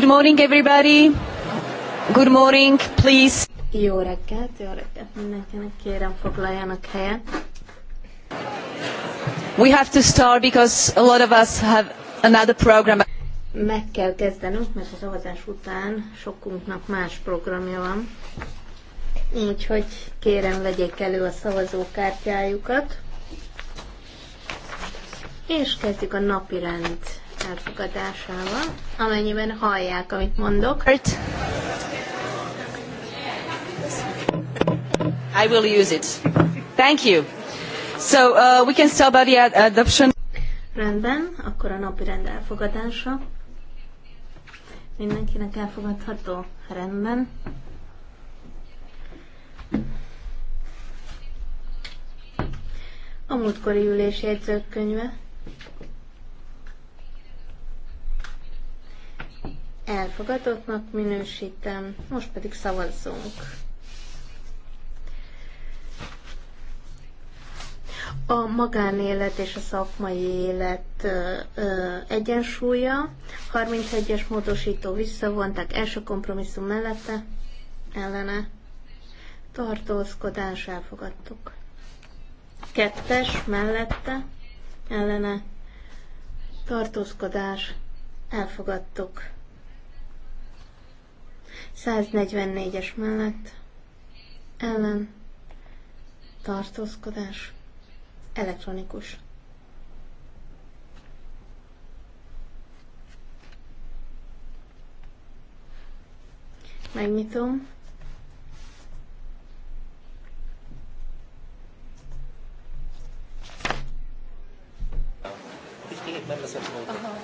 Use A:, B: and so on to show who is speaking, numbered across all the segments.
A: Good morning, everybody. Good morning, please. Jó
B: reggelt, jó reggelt mindenkinek, kérem foglaljanak helyet. We have to start because a lot of us have another program. Meg kell kezdenünk, mert a szavazás után sokunknak más programja van. Úgyhogy kérem vegyék elő a szavazókártyájukat. És kezdjük a rend elfogadásával, amennyiben hallják, amit mondok.
A: I will use it. Thank you. So uh, we can start about the adoption.
B: Rendben, akkor a napi rend elfogadása. Mindenkinek elfogadható rendben. A múltkori ülés jegyzőkönyve. elfogadottnak minősítem, most pedig szavazzunk. A magánélet és a szakmai élet ö, ö, egyensúlya, 31-es módosító visszavonták, első kompromisszum mellette, ellene, tartózkodás elfogadtuk. Kettes mellette, ellene, tartózkodás elfogadtuk. 144-es mellett ellen tartózkodás elektronikus. Megnyitom.
C: Aha,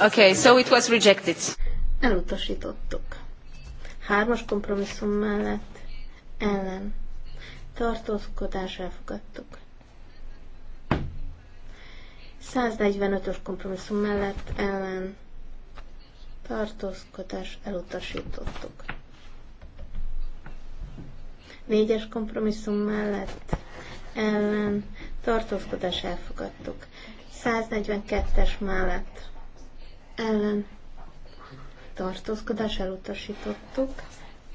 C: Okay, so it
B: was rejected. Elutasítottuk. Hármas kompromisszum mellett ellen tartózkodás elfogadtuk. 145-ös kompromisszum mellett ellen tartózkodás elutasítottuk. Négyes kompromisszum mellett ellen tartózkodás elfogadtuk. 142-es mellett ellen tartózkodás elutasítottuk,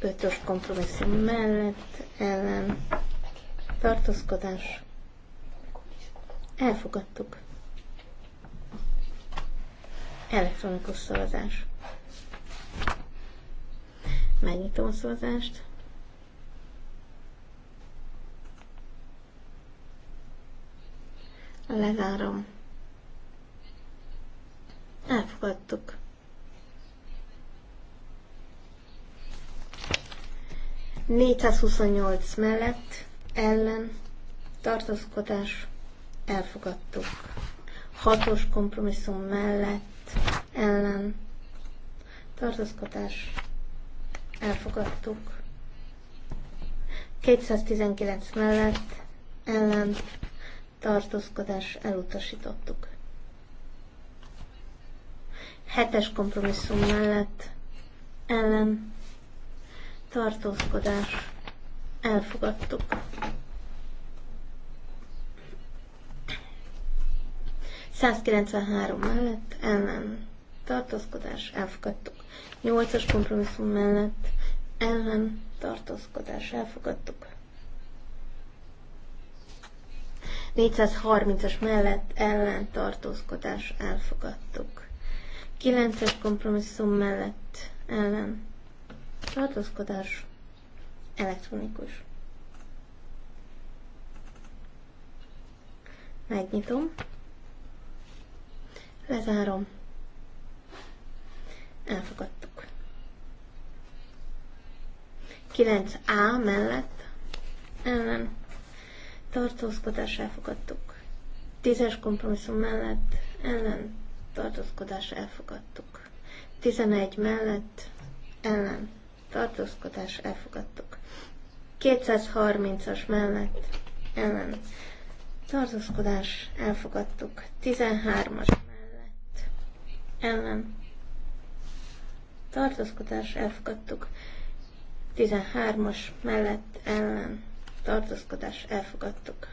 B: 5-ös kompromisszum mellett ellen tartózkodás elfogadtuk. Elektronikus szavazás. Megnyitom a szavazást. Lezárom elfogadtuk. Négyszázhuszonnyolc mellett ellen tartózkodás elfogadtuk. Hatos kompromisszum mellett ellen tartózkodás elfogadtuk. 219 mellett ellen tartózkodás elutasítottuk. Hetes kompromisszum mellett ellen tartózkodás elfogadtuk. ...193 mellett ellen tartózkodás elfogadtuk. 8-as kompromisszum mellett ellen tartózkodás elfogadtuk. 430-as mellett ellen tartózkodás elfogadtuk. 9-es kompromisszum mellett ellen tartózkodás elektronikus. Megnyitom. Lezárom. Elfogadtuk. 9A mellett ellen tartózkodás elfogadtuk. 10-es kompromisszum mellett ellen tartózkodás elfogadtuk. 11 mellett ellen tartózkodás elfogadtuk. 230-as mellett ellen tartózkodás elfogadtuk. 13-as mellett ellen tartózkodás elfogadtuk. 13-as mellett ellen tartózkodás elfogadtuk.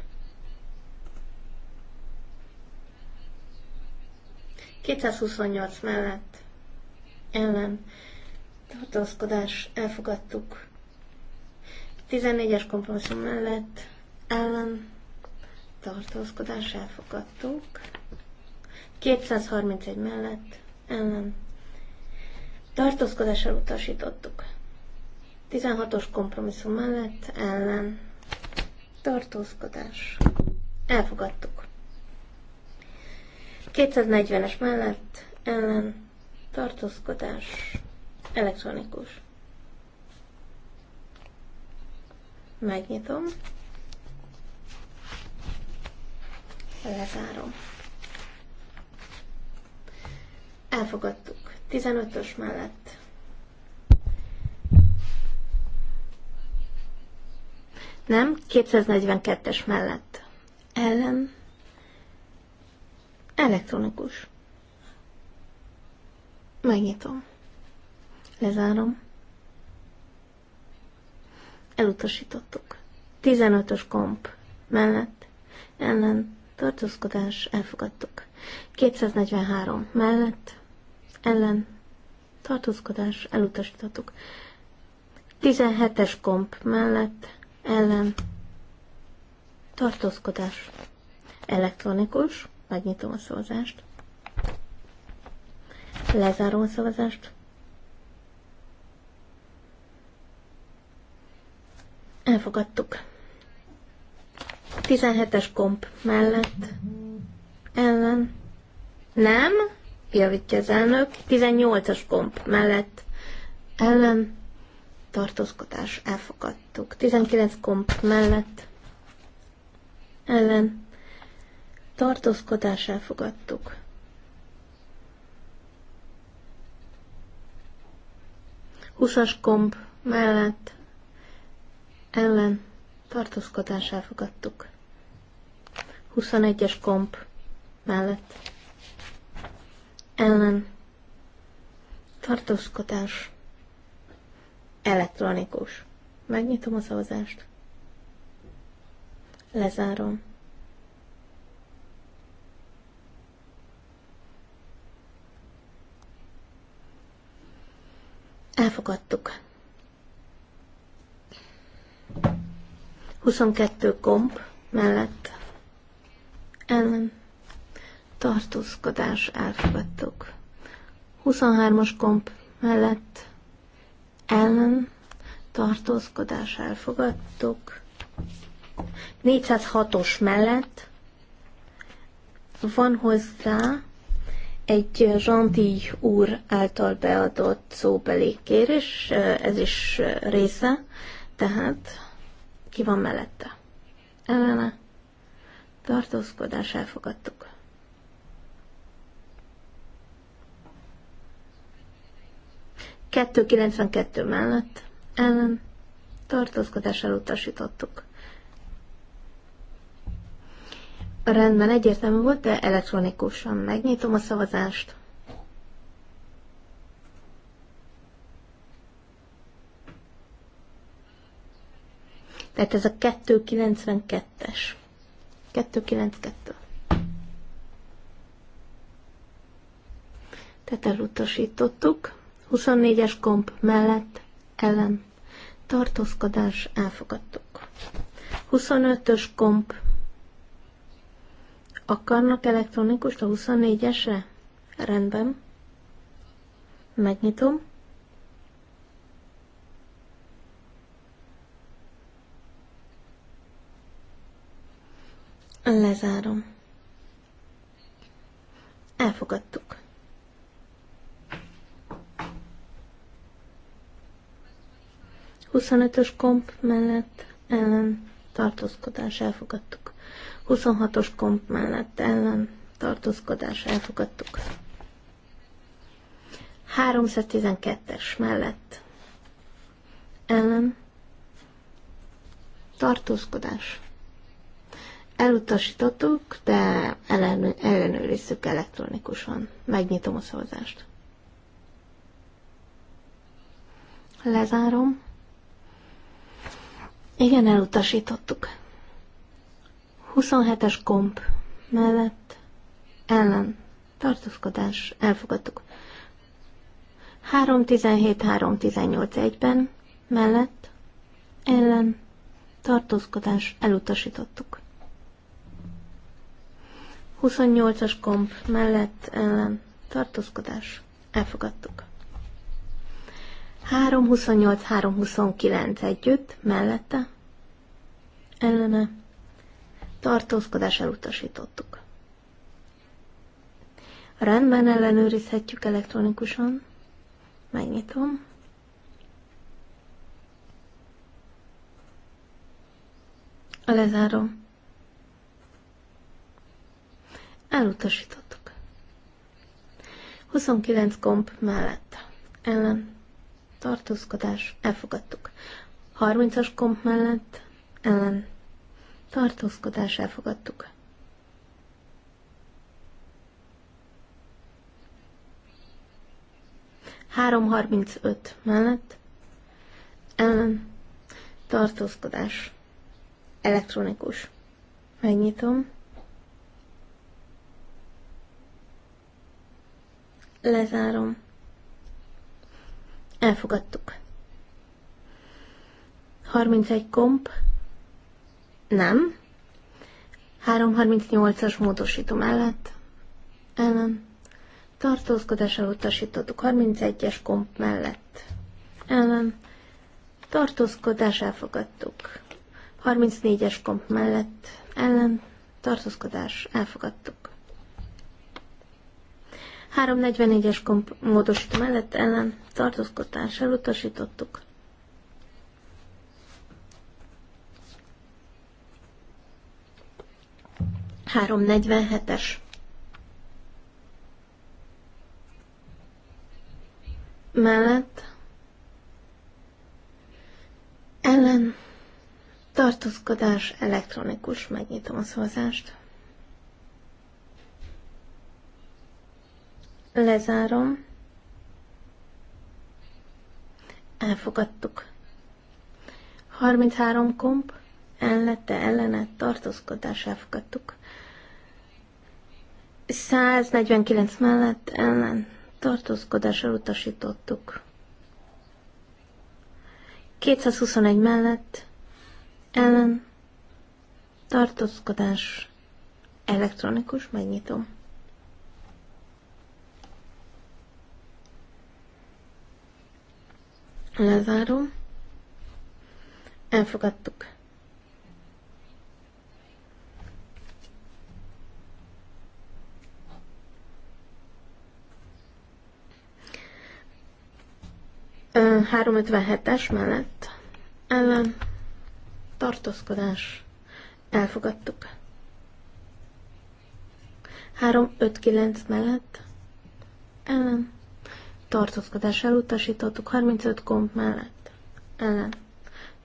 B: 228 mellett ellen tartózkodás elfogadtuk. 14-es kompromisszum mellett ellen tartózkodás elfogadtuk. 231 mellett ellen tartózkodás elutasítottuk 16-os kompromisszum mellett ellen tartózkodás elfogadtuk. 240-es mellett ellen tartózkodás elektronikus. Megnyitom. Lezárom. Elfogadtuk. 15-ös mellett. Nem, 242-es mellett. Ellen Elektronikus. Megnyitom. Lezárom. Elutasítottuk. 15-ös komp mellett ellen tartózkodás elfogadtuk. 243 mellett ellen tartózkodás elutasítottuk. 17-es komp mellett ellen tartózkodás elektronikus megnyitom a szavazást, lezárom a szavazást, elfogadtuk. 17-es komp mellett ellen nem, javítja az elnök, 18-as komp mellett ellen tartózkodás elfogadtuk. 19 komp mellett ellen tartózkodás elfogadtuk. Húsas komp mellett ellen tartózkodás elfogadtuk. 21-es komp mellett ellen tartózkodás elektronikus. Megnyitom a szavazást. Lezárom. Elfogadtuk. 22 komp mellett ellen tartózkodás elfogadtuk. 23-as komp mellett ellen tartózkodás elfogadtuk. 406-os mellett van hozzá egy Randi úr által beadott szóbeli kérés, ez is része, tehát ki van mellette? Ellene? Tartózkodás elfogadtuk. Kettő mellett ellen tartózkodás elutasítottuk. Rendben, egyértelmű volt, de elektronikusan megnyitom a szavazást. Tehát ez a 292-es. 292. Tehát elutasítottuk. 24-es komp mellett ellen. Tartózkodás elfogadtuk. 25-ös komp Akarnak elektronikus a 24-esre? Rendben. Megnyitom. Lezárom. Elfogadtuk. Huszonötös komp mellett ellen tartózkodás elfogadtuk. 26-os komp mellett ellen tartózkodás elfogadtuk. 312-es mellett ellen tartózkodás. Elutasítottuk, de ellenőrizzük elektronikusan. Megnyitom a szavazást. Lezárom. Igen, elutasítottuk. 27-es komp mellett ellen tartózkodás elfogadtuk. 3.17-3.18 1 ben mellett ellen tartózkodás elutasítottuk. 28-as komp mellett ellen tartózkodás elfogadtuk. 3.28-3.29 együtt mellette ellene tartózkodás elutasítottuk. Rendben ellenőrizhetjük elektronikusan. Megnyitom. Lezárom. Elutasítottuk. 29 komp mellett. Ellen. Tartózkodás. Elfogadtuk. 30-as komp mellett. Ellen tartózkodás elfogadtuk. Három harmincöt mellett ellen tartózkodás elektronikus. Megnyitom. Lezárom. Elfogadtuk. 31 komp nem. 338-as módosító mellett ellen. Tartózkodással utasítottuk 31-es komp mellett ellen. Tartózkodás elfogadtuk. 34-es komp mellett ellen. Tartózkodás elfogadtuk. 344-es komp módosító mellett ellen. Tartózkodás elutasítottuk. 347-es. Mellett ellen tartózkodás elektronikus, megnyitom a szózást. Lezárom. Elfogadtuk. 33 komp, ellette ellene tartózkodás elfogadtuk. 149 mellett ellen tartózkodással utasítottuk. 221 mellett ellen tartózkodás elektronikus megnyitom. Lezárom. Elfogadtuk. 357-es mellett ellen tartózkodás elfogadtuk. 359 mellett ellen tartózkodás elutasítottuk, 35 komp mellett ellen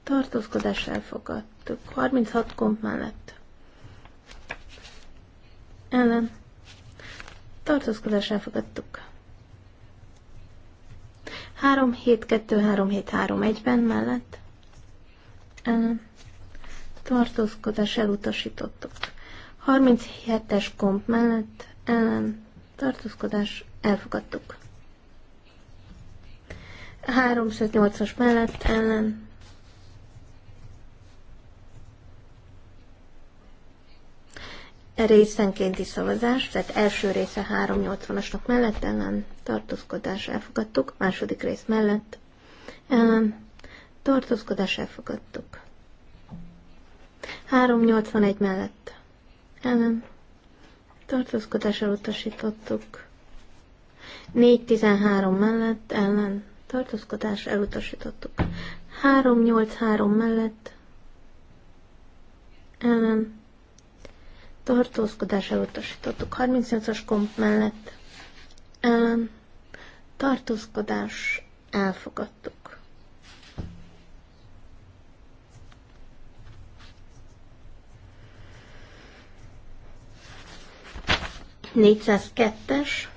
B: tartózkodás elfogadtuk, 36 komp mellett ellen tartózkodás elfogadtuk. 3-7-2-3-7-3-1-ben mellett tartózkodás elutasítottuk. 37-es komp mellett ellen tartózkodás elfogadtuk. 308-as mellett ellen részenkénti szavazás, tehát első része 380-asnak mellett ellen tartózkodás elfogadtuk, második rész mellett ellen tartózkodás elfogadtuk. 381 mellett ellen tartózkodás elutasítottuk. 413 mellett ellen tartózkodás elutasítottuk. 383 mellett ellen tartózkodás elutasítottuk. 38-as komp mellett tartózkodás elfogadtuk. Négyszázkettes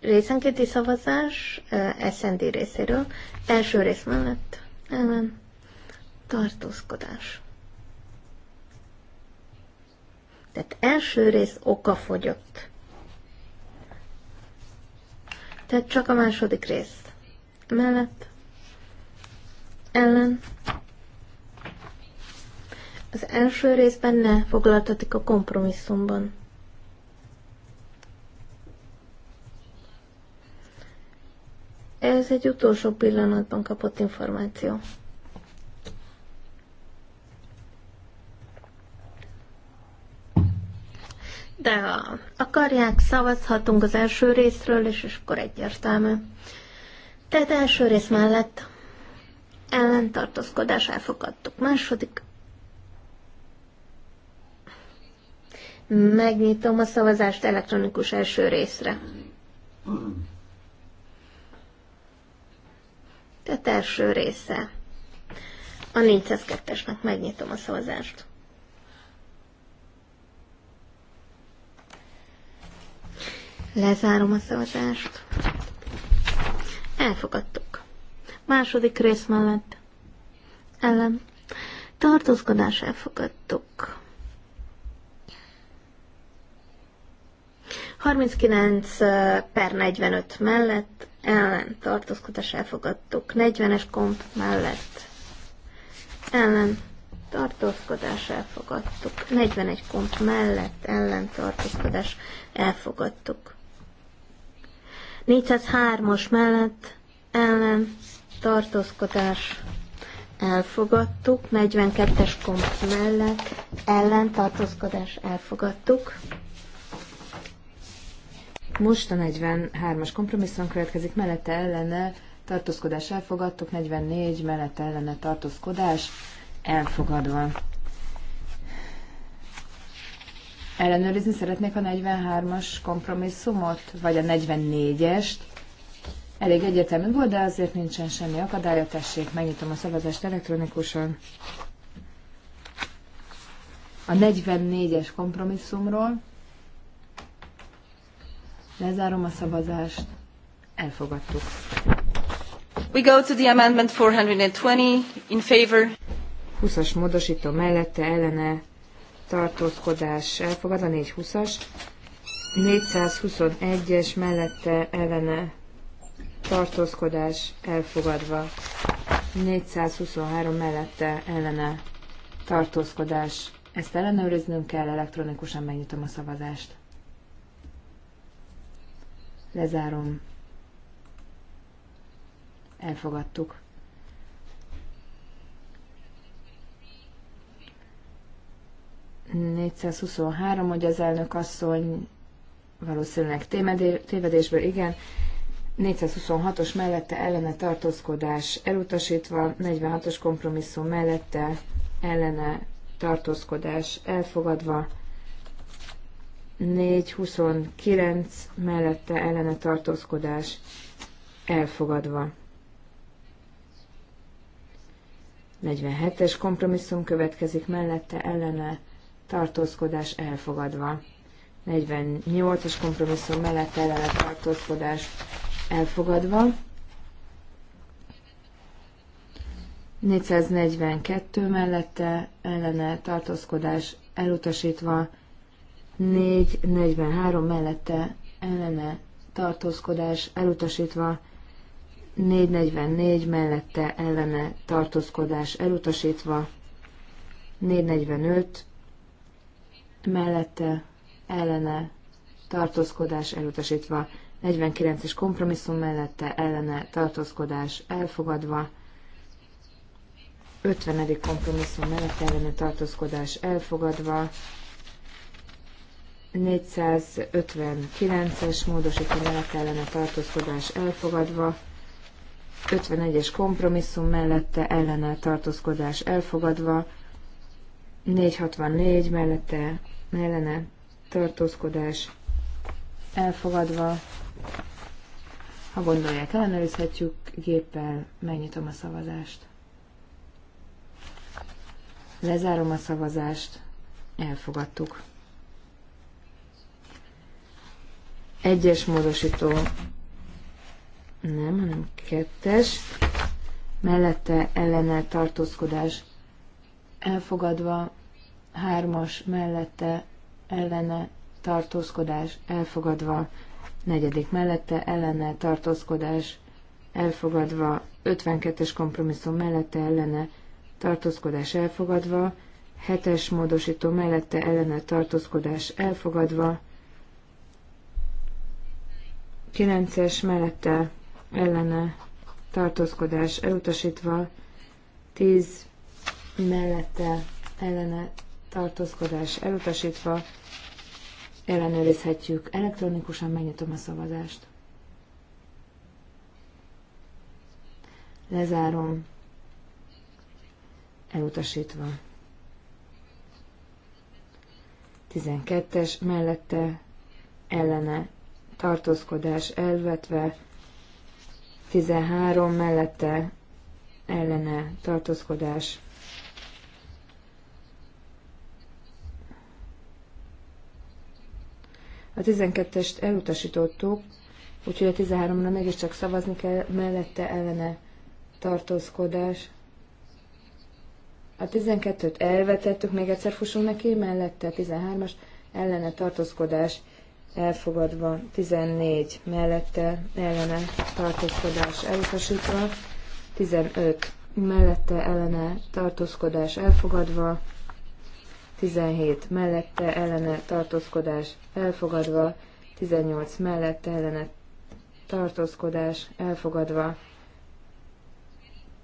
B: részenkéti szavazás SND részéről első rész mellett ellen tartózkodás. Tehát első rész okafogyott. Tehát csak a második rész. Mellett. Ellen. Az első részben ne foglaltatik a kompromisszumban. Ez egy utolsó pillanatban kapott információ. de ha akarják, szavazhatunk az első részről, és, akkor egyértelmű. Tehát első rész mellett ellentartózkodás elfogadtuk. Második. Megnyitom a szavazást elektronikus első részre. Tehát első része. A 402-esnek megnyitom a szavazást. Lezárom a szavazást. Elfogadtuk. Második rész mellett. Ellen. Tartózkodás elfogadtuk. 39 per 45 mellett ellen tartózkodás elfogadtuk. 40-es komp mellett ellen tartózkodás elfogadtuk. 41 komp mellett ellen tartózkodás elfogadtuk. 403-as mellett ellen tartózkodás elfogadtuk, 42-es komp mellett
A: ellen tartózkodás elfogadtuk. Most a 43-as kompromisszum következik, mellette ellene tartózkodás elfogadtuk, 44 mellette ellene tartózkodás elfogadva. Ellenőrizni szeretnék a 43-as kompromisszumot, vagy a 44-est. Elég egyetemű volt, de azért nincsen semmi akadálya. Tessék, megnyitom a szavazást elektronikusan. A 44-es kompromisszumról lezárom a szavazást. Elfogadtuk. We go to the amendment 420 in favor. 20-as módosító mellette ellene tartózkodás a 420-as, 421-es mellette ellene tartózkodás elfogadva, 423 mellette ellene tartózkodás. Ezt ellenőriznünk kell, elektronikusan megnyitom a szavazást. Lezárom. Elfogadtuk. 423, hogy az elnök asszony valószínűleg tévedésből igen, 426-os mellette ellene tartózkodás elutasítva, 46-os kompromisszum mellette ellene tartózkodás elfogadva, 429 mellette ellene tartózkodás elfogadva. 47-es kompromisszum következik mellette ellene tartózkodás elfogadva. 48-as kompromisszum mellett ellene tartózkodás elfogadva. 442 mellette ellene tartózkodás elutasítva, 443 mellette ellene tartózkodás elutasítva, 444 mellette ellene tartózkodás elutasítva, 445 mellette ellene tartózkodás elutasítva, 49-es kompromisszum mellette ellene tartózkodás elfogadva, 50. kompromisszum mellett ellene tartózkodás elfogadva, 459-es módosító mellett ellene tartózkodás elfogadva, 51-es kompromisszum mellette ellene tartózkodás elfogadva, 464 mellette ellene tartózkodás elfogadva. Ha gondolják, ellenőrizhetjük géppel, megnyitom a szavazást. Lezárom a szavazást, elfogadtuk. Egyes módosító, nem, hanem kettes, mellette ellene tartózkodás elfogadva, hármas mellette ellene tartózkodás elfogadva, negyedik mellette ellene tartózkodás elfogadva, 52-es kompromisszum mellette ellene tartózkodás elfogadva, 7-es módosító mellette ellene tartózkodás elfogadva, 9-es mellette ellene tartózkodás elutasítva, 10 mellette ellene tartózkodás elutasítva, ellenőrizhetjük elektronikusan, megnyitom a szavazást. Lezárom, elutasítva. 12-es mellette ellene tartózkodás elvetve, 13 mellette ellene tartózkodás A 12-est elutasítottuk, úgyhogy a 13-ra mégiscsak szavazni kell, mellette ellene tartózkodás. A 12-t elvetettük, még egyszer fussunk neki, mellette a 13-as ellene tartózkodás elfogadva, 14 mellette ellene tartózkodás elutasítva, 15 mellette ellene tartózkodás elfogadva, 17 mellette ellene tartózkodás elfogadva, 18 mellette ellene tartózkodás elfogadva,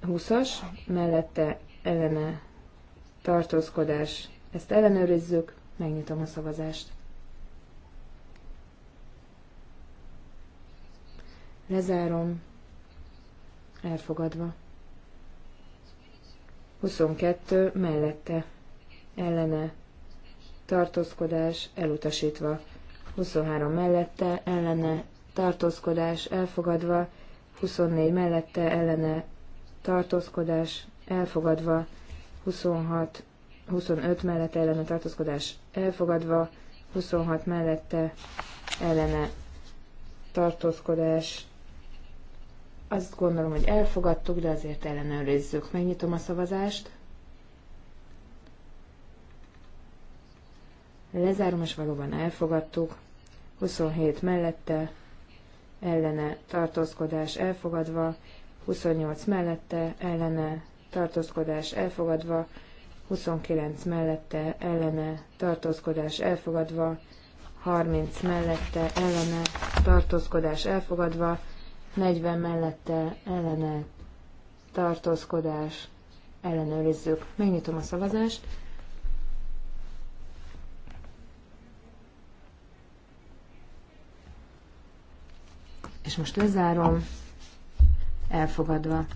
A: 20-as mellette ellene tartózkodás. Ezt ellenőrizzük, megnyitom a szavazást. Lezárom, elfogadva. 22 mellette ellene tartózkodás elutasítva, 23 mellette ellene tartózkodás elfogadva, 24 mellette ellene tartózkodás elfogadva, 26, 25 mellette ellene tartózkodás elfogadva, 26 mellette ellene tartózkodás. Azt gondolom, hogy elfogadtuk, de azért ellenőrizzük. Megnyitom a szavazást. Lezárom, és valóban elfogadtuk. 27 mellette, ellene tartózkodás elfogadva, 28 mellette, ellene tartózkodás elfogadva, 29 mellette, ellene tartózkodás elfogadva, 30 mellette, ellene tartózkodás elfogadva, 40 mellette, ellene tartózkodás ellenőrizzük. Megnyitom a szavazást. És most lezárom. Elfogadva.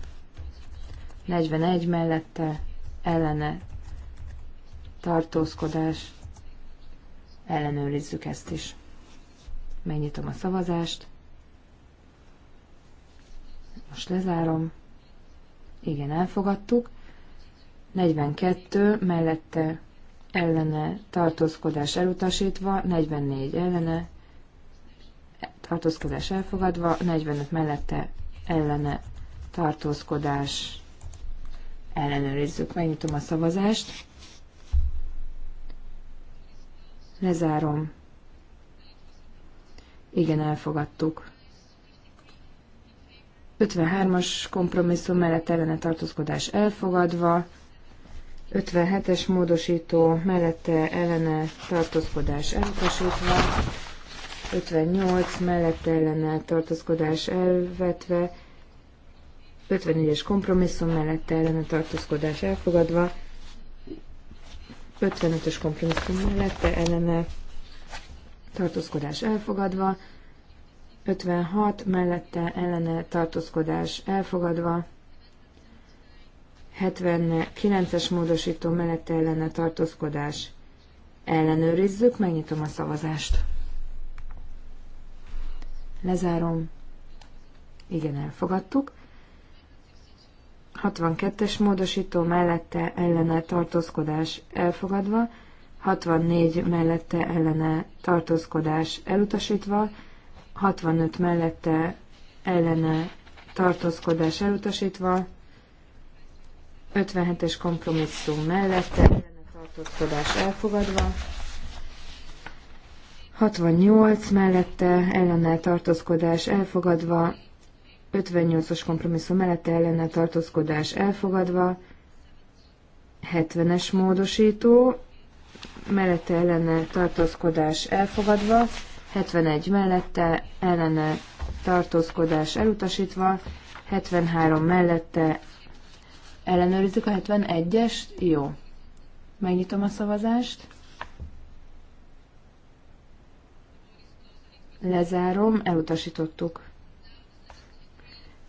A: 41 mellette ellene tartózkodás. Ellenőrizzük ezt is. Megnyitom a szavazást. Most lezárom. Igen, elfogadtuk. 42 mellette ellene tartózkodás elutasítva, 44 ellene tartózkodás elfogadva, 45 mellette ellene tartózkodás ellenőrizzük. Megnyitom a szavazást. Lezárom. Igen, elfogadtuk. 53-as kompromisszum mellett ellene tartózkodás elfogadva, 57-es módosító mellette ellene tartózkodás elutasítva, 58 mellett ellene tartózkodás elvetve, 54-es kompromisszum mellett ellene tartózkodás elfogadva, 55-ös kompromisszum mellette ellene tartózkodás elfogadva, 56 mellette ellene tartózkodás elfogadva, 79-es módosító mellette ellene tartózkodás ellenőrizzük, megnyitom a szavazást. Lezárom. Igen, elfogadtuk. 62-es módosító mellette ellene tartózkodás elfogadva, 64 mellette ellene tartózkodás elutasítva, 65 mellette ellene tartózkodás elutasítva, 57-es kompromisszum mellette ellene tartózkodás elfogadva, 68 mellette ellenáll tartózkodás elfogadva, 58-os kompromisszum mellette ellenáll tartózkodás elfogadva, 70-es módosító, mellette ellene tartózkodás elfogadva, 71 mellette ellene tartózkodás elutasítva, 73 mellette ellenőrizzük a 71-est, jó. Megnyitom a szavazást. Lezárom, elutasítottuk.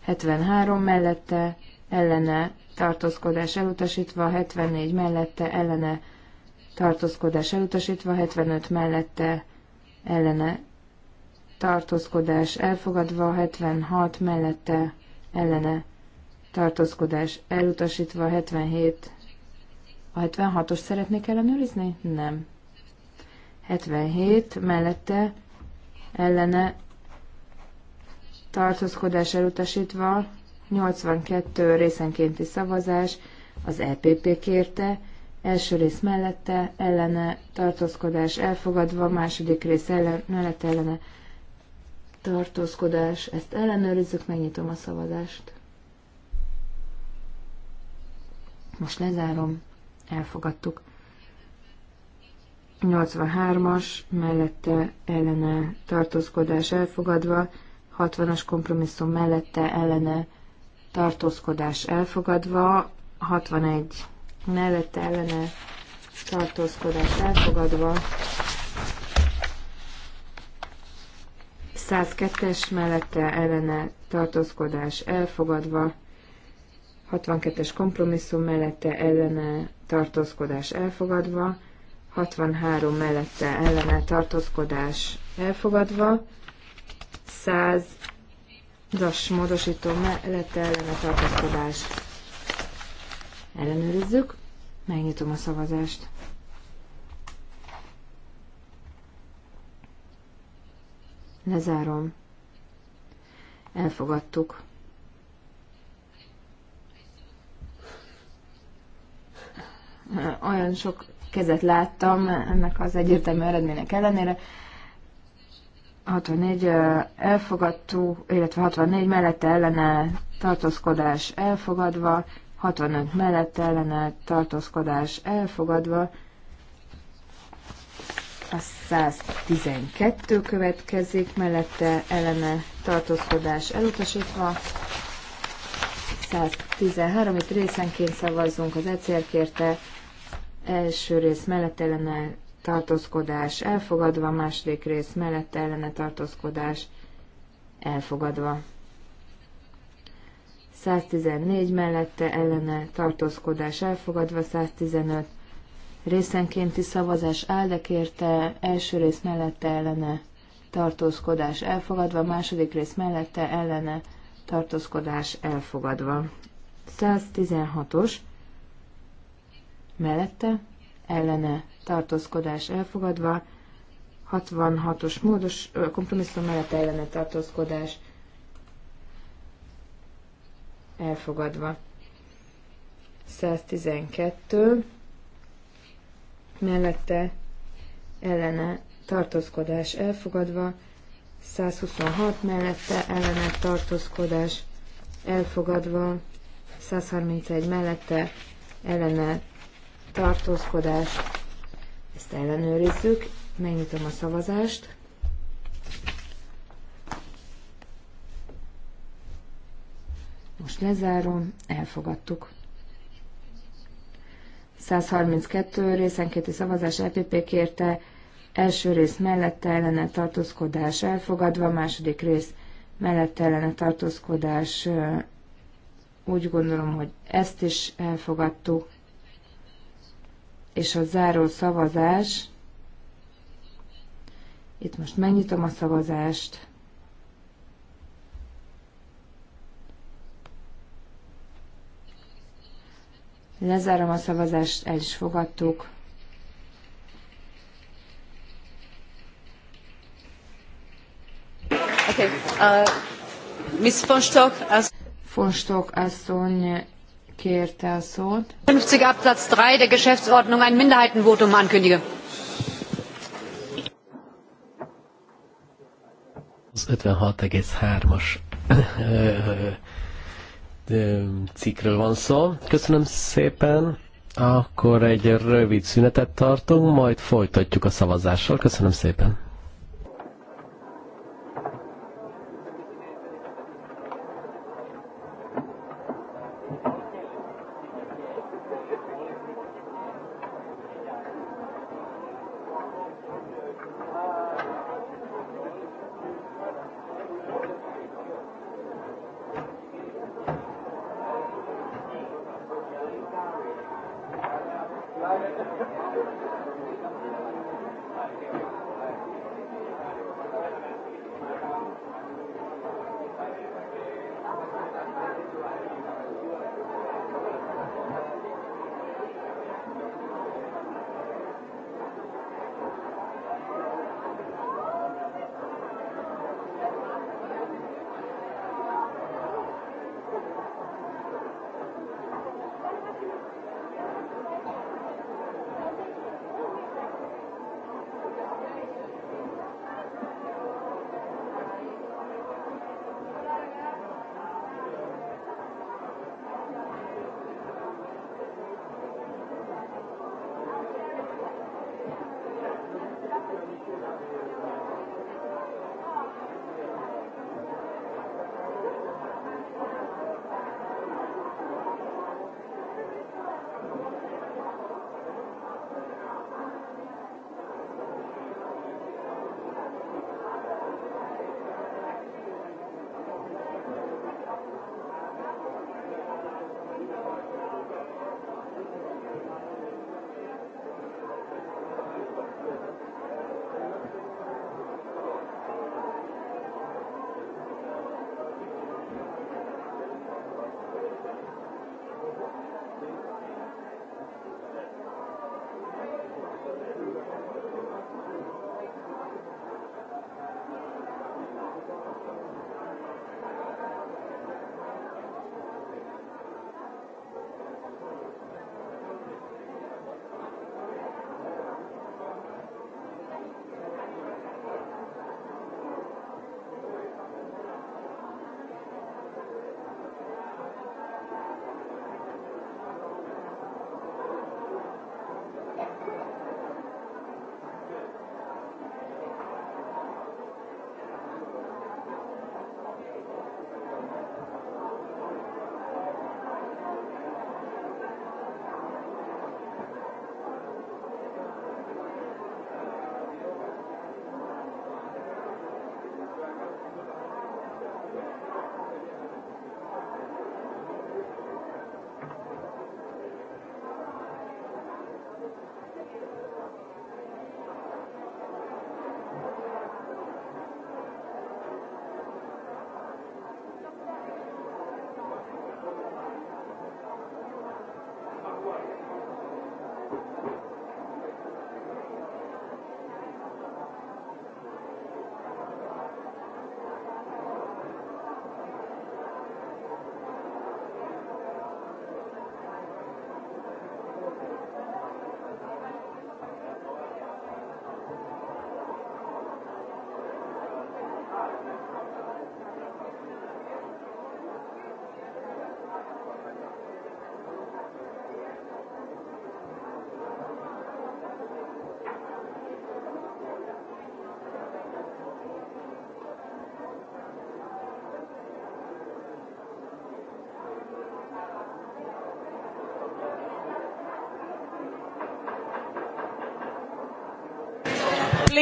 A: 73 mellette, ellene tartózkodás elutasítva, 74 mellette, ellene tartózkodás elutasítva, 75 mellette, ellene tartózkodás elfogadva, 76 mellette, ellene tartózkodás elutasítva, 77 a 76-os szeretnék ellenőrizni? Nem. 77 mellette ellene tartózkodás elutasítva, 82 részenkénti szavazás, az EPP kérte, első rész mellette, ellene tartózkodás elfogadva, második rész ellen, mellette ellene tartózkodás, ezt ellenőrizzük, megnyitom a szavazást. Most lezárom, elfogadtuk. 83-as, mellette ellene tartózkodás elfogadva, 60-as kompromisszum mellette ellene tartózkodás elfogadva, 61 mellette ellene tartózkodás elfogadva, 102-es mellette ellene tartózkodás elfogadva, 62-es kompromisszum mellette ellene tartózkodás elfogadva, 63 mellette ellene tartózkodás elfogadva, 100-as módosító mellette ellene tartózkodás ellenőrizzük. Megnyitom a szavazást. Lezárom. Elfogadtuk. Olyan sok kezet láttam ennek az egyértelmű eredmények ellenére. 64 elfogadtó, illetve 64 mellette ellene tartózkodás elfogadva, 65 mellette ellene tartózkodás elfogadva, a 112 következik, mellette ellene tartózkodás elutasítva, 113, itt részenként szavazzunk, az egyszer kérte első rész mellett ellene tartózkodás elfogadva, második rész mellett ellene tartózkodás elfogadva. 114 mellette ellene tartózkodás elfogadva, 115 részenkénti szavazás áldekérte, első rész mellette ellene tartózkodás elfogadva, második rész mellette ellene tartózkodás elfogadva. 116-os mellette, ellene tartózkodás elfogadva, 66-os módos kompromisszum mellett ellene tartózkodás elfogadva. 112 mellette ellene tartózkodás elfogadva, 126 mellette ellene tartózkodás elfogadva, 131 mellette ellene tartózkodás, ezt ellenőrizzük, megnyitom a szavazást. Most lezárom, elfogadtuk. 132 részenkéti szavazás EPP kérte, első rész mellette ellene tartózkodás elfogadva, második rész mellette ellene tartózkodás úgy gondolom, hogy ezt is elfogadtuk és a záró szavazás. Itt most megnyitom a szavazást. Lezárom a szavazást, el is fogadtuk.
C: Okay. Uh, Miss Fonstok, az...
A: Fonstok asszony kérte a szót. 50 Absatz 3 der Geschäftsordnung ein Minderheitenvotum ankündige.
C: Az 56,3-as cikkről van szó. Köszönöm szépen. Akkor egy rövid szünetet tartunk, majd folytatjuk a szavazással. Köszönöm szépen.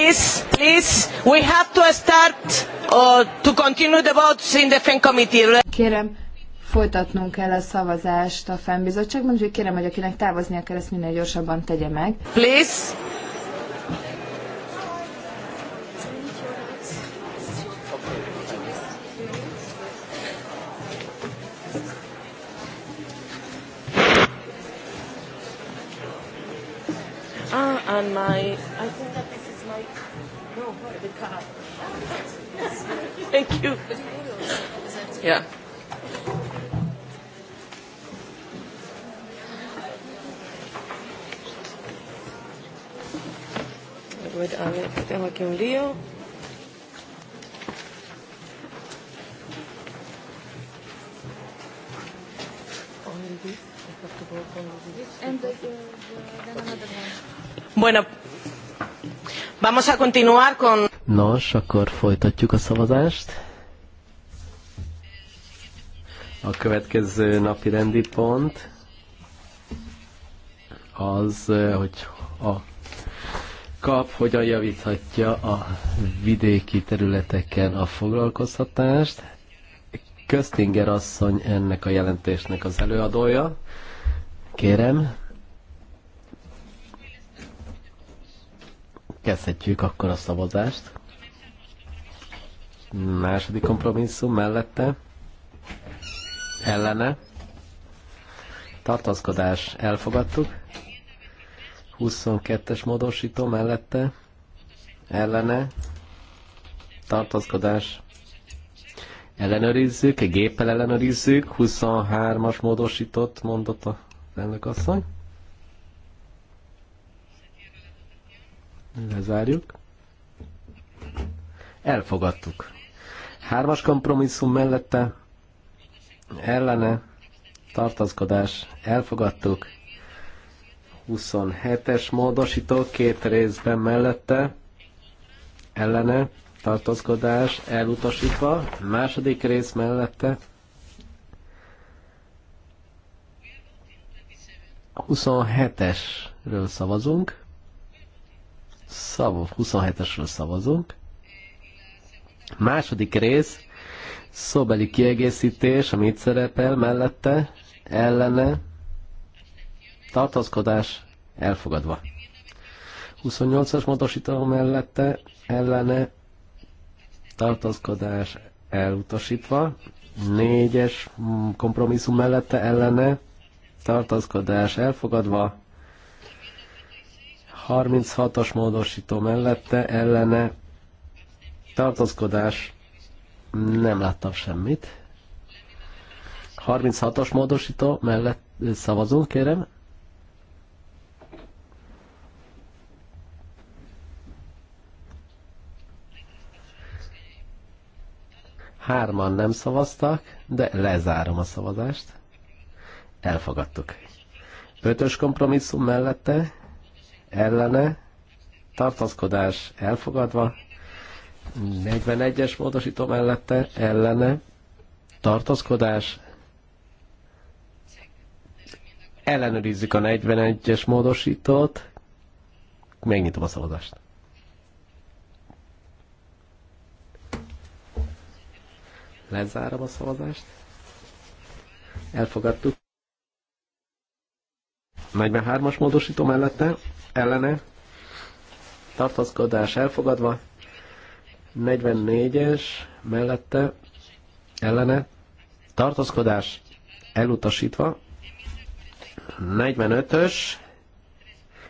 B: Please, please, we have to start uh, to continue the votes in the FEN committee.
A: Kérem, folytatnunk kell a szavazást a FEN bizottságban, úgyhogy kérem, hogy akinek távoznia kell, ezt minél gyorsabban tegye meg. Please.
B: Ah, and my,
C: I think that bike. No, the car. Thank you. Yeah.
A: A ver, tengo aquí un uh,
B: uh, Bueno, Vamos a continuar con...
C: Nos, akkor folytatjuk a szavazást. A következő napi rendi pont az, eh, hogy a kap hogyan javíthatja a vidéki területeken a foglalkoztatást. Köztinger asszony ennek a jelentésnek az előadója. Kérem, Kezdhetjük akkor a szavazást. Második kompromisszum mellette. Ellene. Tartaszkodás elfogadtuk. 22-es módosító mellette. Ellene. Tartaszkodás. ellenőrizzük, egy géppel ellenőrizzük. 23-as módosított mondott a elnök asszony. Lezárjuk. Elfogadtuk. Hármas kompromisszum mellette ellene tartaszkodás. Elfogadtuk. 27-es módosító két részben mellette ellene tartózkodás elutasítva, második rész mellette 27-esről szavazunk. Szavaz, 27-esről szavazunk. Második rész, szóbeli kiegészítés, amit szerepel mellette, ellene, tartózkodás elfogadva. 28-as módosító mellette, ellene, tartózkodás elutasítva, 4-es kompromisszum mellette, ellene, tartózkodás elfogadva, 36 as módosító mellette ellene tartózkodás. Nem láttam semmit. 36 as módosító mellett szavazunk, kérem. Hárman nem szavaztak, de lezárom a szavazást. Elfogadtuk. Ötös kompromisszum mellette ellene, tartózkodás elfogadva, 41-es módosító mellette, ellene, tartózkodás, ellenőrizzük a 41-es módosítót, megnyitom a szavazást. Lezárom a szavazást. Elfogadtuk. 43-as módosító mellette, ellene, tartózkodás elfogadva, 44-es mellette, ellene, tartózkodás elutasítva, 45-ös,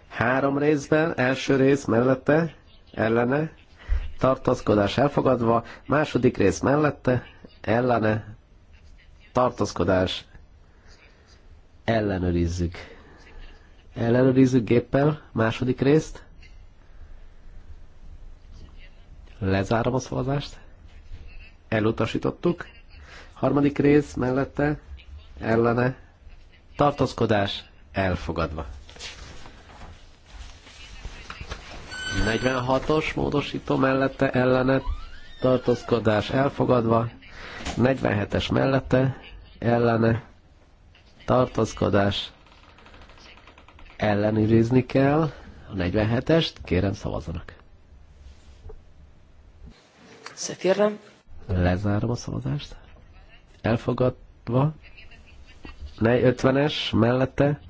C: három részben, első rész mellette, ellene, tartózkodás elfogadva, második rész mellette, ellene, tartózkodás ellenőrizzük. Ellenőrizzük géppel, második részt. Lezárom a szavazást. Elutasítottuk. Harmadik rész mellette, ellene, tartózkodás elfogadva. 46-os módosító mellette, ellene, tartózkodás elfogadva. 47-es mellette, ellene, tartózkodás ellenőrizni kell a 47-est, kérem szavazzanak. Szefirrem. Lezárom a szavazást. Elfogadva. 50-es mellette,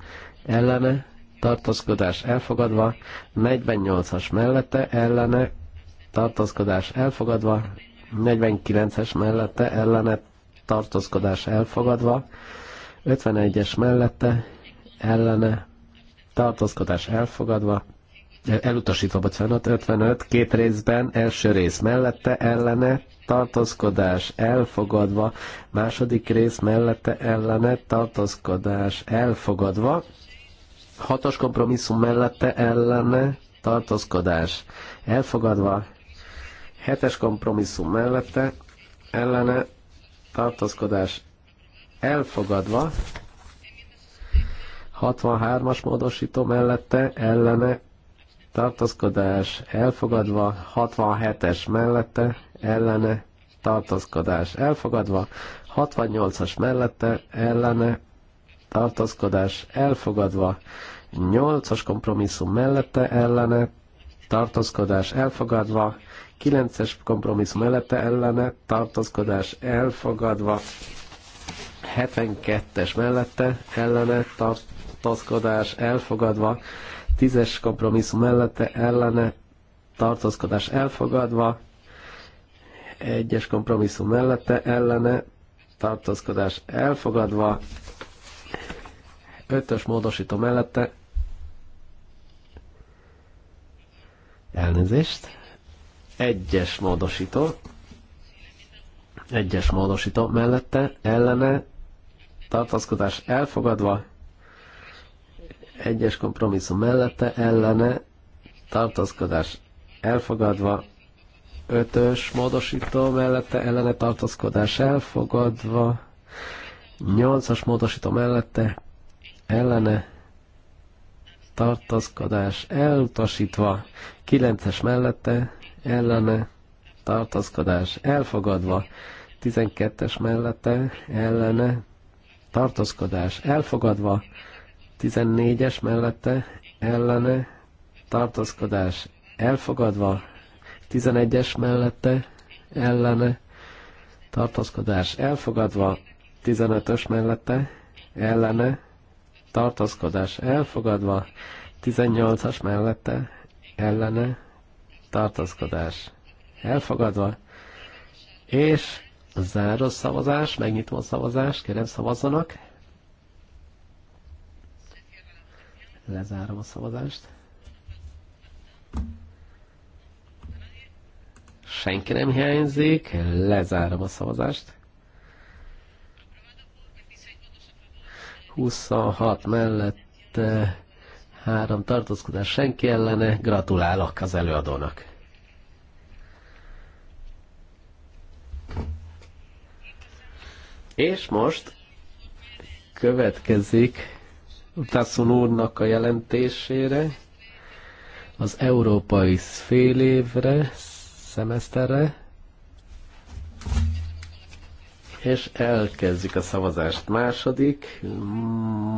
C: ellene, tartózkodás elfogadva, 48-as mellette, ellene, tartózkodás elfogadva, 49-es mellette, ellene, tartózkodás elfogadva, 51-es mellette, ellene, tartózkodás elfogadva, elutasítva, bocsánat, 55, két részben, első rész mellette, ellene, tartózkodás elfogadva, második rész mellette, ellene, tartózkodás elfogadva, hatos kompromisszum mellette, ellene, tartózkodás elfogadva, hetes kompromisszum mellette, ellene, tartózkodás elfogadva, 63-as módosító mellette ellene tartózkodás elfogadva, 67-es mellette ellene tartózkodás elfogadva, 68-as mellette ellene tartózkodás elfogadva, 8-as kompromisszum mellette ellene tartózkodás elfogadva, 9-es kompromisszum mellette ellene tartózkodás elfogadva, 72-es mellette ellene tartózkodás tartózkodás elfogadva, tízes kompromisszum mellette ellene tartózkodás elfogadva, egyes kompromisszum mellette ellene tartózkodás elfogadva, ötös módosító mellette elnézést, egyes módosító, egyes módosító mellette ellene tartózkodás elfogadva, egyes kompromisszum mellette ellene tartózkodás elfogadva. Ötös módosító mellette ellene tartózkodás elfogadva. Nyolcas módosító mellette ellene tartózkodás elutasítva. Kilences mellette ellene tartózkodás elfogadva. tizenkettes mellette ellene tartózkodás elfogadva, 14-es mellette ellene tartózkodás elfogadva, 11-es mellette ellene tartózkodás elfogadva, 15-ös mellette ellene tartózkodás elfogadva, 18-as mellette ellene tartózkodás elfogadva, és záros szavazás, megnyitom a szavazást, kérem szavazzanak. Lezárom a szavazást. Senki nem hiányzik. Lezárom a szavazást. 26 mellett három tartózkodás senki ellene. Gratulálok az előadónak. És most következik Utászon úrnak a jelentésére, az európai fél évre, szemeszterre, és elkezdjük a szavazást. Második,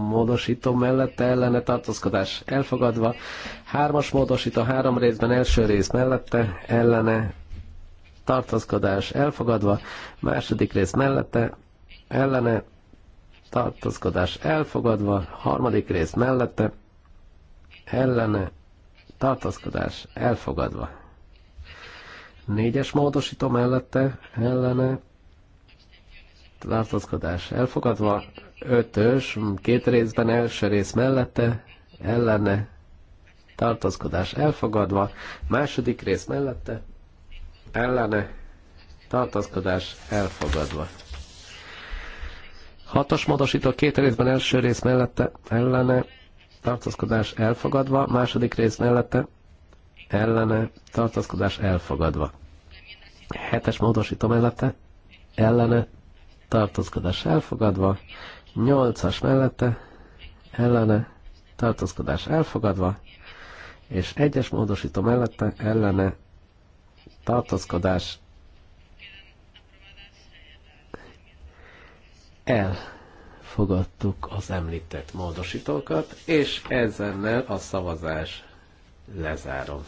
C: módosító mellett ellene tartózkodás elfogadva. Hármas módosító három részben, első rész mellette ellene tartózkodás elfogadva. Második rész mellette ellene tartózkodás elfogadva, harmadik rész mellette, ellene, tartózkodás elfogadva. Négyes módosító mellette, ellene, tartózkodás elfogadva, ötös, két részben első rész mellette, ellene, tartózkodás elfogadva, második rész mellette, ellene, tartózkodás elfogadva. Hatos módosító két részben első rész mellette ellene tartózkodás elfogadva, második rész mellette ellene tartózkodás elfogadva. Hetes módosító mellette ellene tartózkodás elfogadva, nyolcas mellette ellene tartózkodás elfogadva, és egyes módosító mellette ellene tartózkodás elfogadtuk az említett módosítókat, és ezennel a szavazás lezárom.